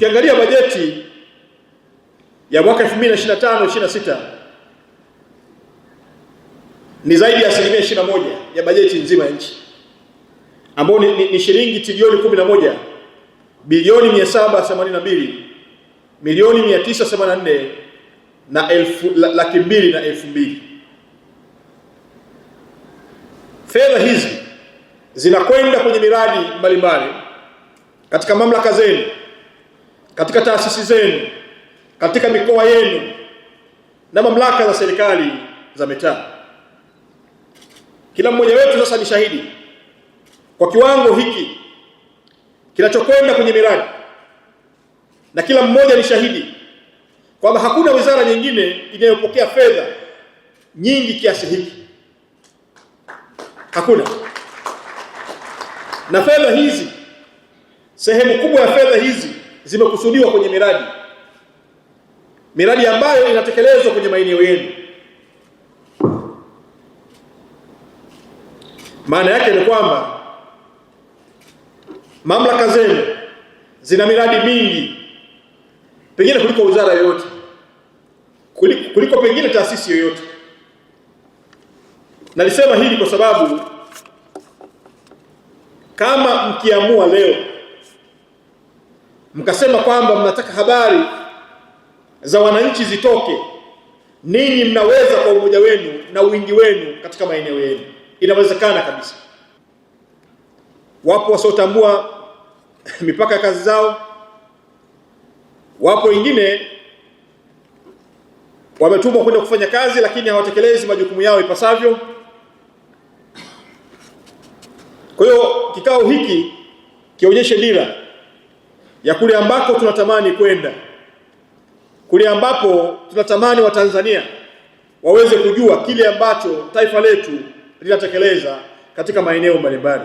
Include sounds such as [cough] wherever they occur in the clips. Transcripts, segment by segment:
Ukiangalia bajeti ya mwaka 2025 26 ni zaidi ya asilimia 21 ya bajeti nzima ya nchi ambayo ni, ni, ni shilingi trilioni 11 bilioni 782 milioni 984 na elfu, laki mbili na elfu mbili. Fedha hizi zinakwenda kwenye miradi mbalimbali katika mamlaka zenu katika taasisi zenu, katika mikoa yenu na mamlaka za serikali za mitaa. Kila mmoja wetu sasa ni shahidi kwa kiwango hiki kinachokwenda kwenye miradi, na kila mmoja ni shahidi kwamba hakuna wizara nyingine inayopokea fedha nyingi kiasi hiki, hakuna. Na fedha hizi, sehemu kubwa ya fedha hizi zimekusudiwa kwenye miradi, miradi ambayo inatekelezwa kwenye maeneo yenu. Maana yake ni kwamba mamlaka zenu zina miradi mingi pengine kuliko wizara yoyote, kuliko, kuliko pengine taasisi yoyote. Nalisema hili kwa sababu kama mkiamua leo mkasema kwamba mnataka habari za wananchi zitoke, ninyi mnaweza kwa umoja wenu na wingi wenu katika maeneo yenu. Inawezekana kabisa. Wapo wasiotambua [laughs] mipaka ya kazi zao, wapo wengine wametumwa kwenda kufanya kazi lakini hawatekelezi majukumu yao ipasavyo. Kwa hiyo kikao hiki kionyeshe dira ya kule ambako tunatamani kwenda, kule ambapo tunatamani Watanzania waweze kujua kile ambacho taifa letu linatekeleza katika maeneo mbalimbali.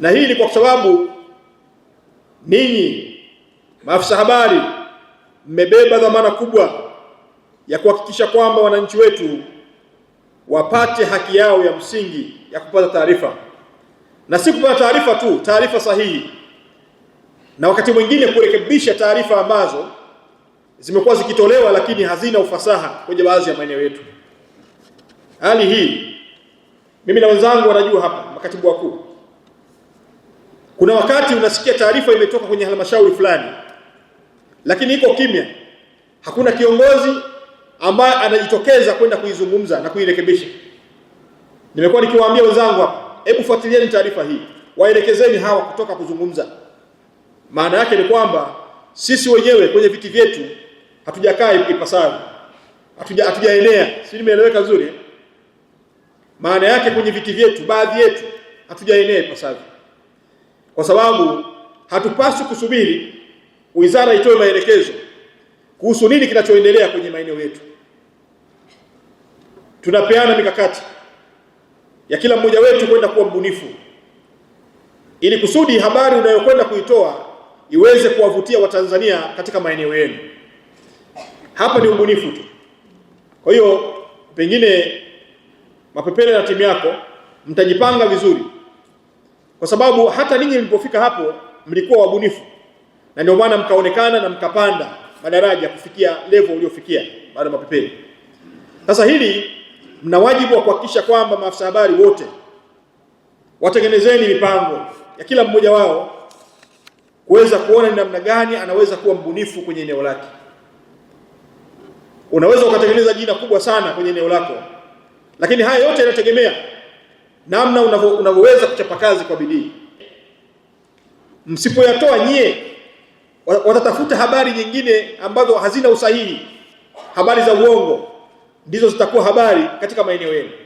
Na hii ni kwa sababu ninyi maafisa habari mmebeba dhamana kubwa ya kuhakikisha kwamba wananchi wetu wapate haki yao ya msingi ya kupata taarifa, na si kupata taarifa tu, taarifa sahihi na wakati mwingine kurekebisha taarifa ambazo zimekuwa zikitolewa lakini hazina ufasaha kwenye baadhi ya maeneo yetu. Hali hii mimi na wenzangu wanajua hapa, makatibu wakuu, kuna wakati unasikia taarifa imetoka kwenye halmashauri fulani, lakini iko kimya, hakuna kiongozi ambaye anajitokeza kwenda kuizungumza na kuirekebisha. Nimekuwa nikiwaambia wenzangu hapa, hebu fuatilieni taarifa hii, waelekezeni hawa kutoka kuzungumza maana yake ni kwamba sisi wenyewe kwenye viti vyetu hatujakaa ipasavyo, hatuja hatujaenea. Si nimeeleweka vizuri? Maana yake kwenye viti vyetu baadhi yetu hatujaenea ipasavyo, kwa sababu hatupaswi kusubiri wizara itoe maelekezo kuhusu nini kinachoendelea kwenye maeneo yetu. Tunapeana mikakati ya kila mmoja wetu kwenda kuwa mbunifu, ili kusudi habari unayokwenda kuitoa iweze kuwavutia Watanzania katika maeneo yenu. Hapa ni ubunifu tu. Kwa hiyo pengine Mapepele na timu yako mtajipanga vizuri, kwa sababu hata ninyi mlipofika hapo mlikuwa wabunifu, na ndio maana mkaonekana na mkapanda madaraja kufikia level uliofikia baada ya Mapepele. Sasa hili mna wajibu wa kuhakikisha kwamba maafisa habari wote watengenezeni mipango ya kila mmoja wao kuweza kuona ni namna gani anaweza kuwa mbunifu kwenye eneo lake. Unaweza ukatengeneza jina kubwa sana kwenye eneo lako, lakini haya yote yanategemea namna unavyoweza kuchapa kazi kwa bidii. Msipoyatoa nyie, watatafuta habari nyingine ambazo hazina usahihi, habari za uongo ndizo zitakuwa habari katika maeneo yenu.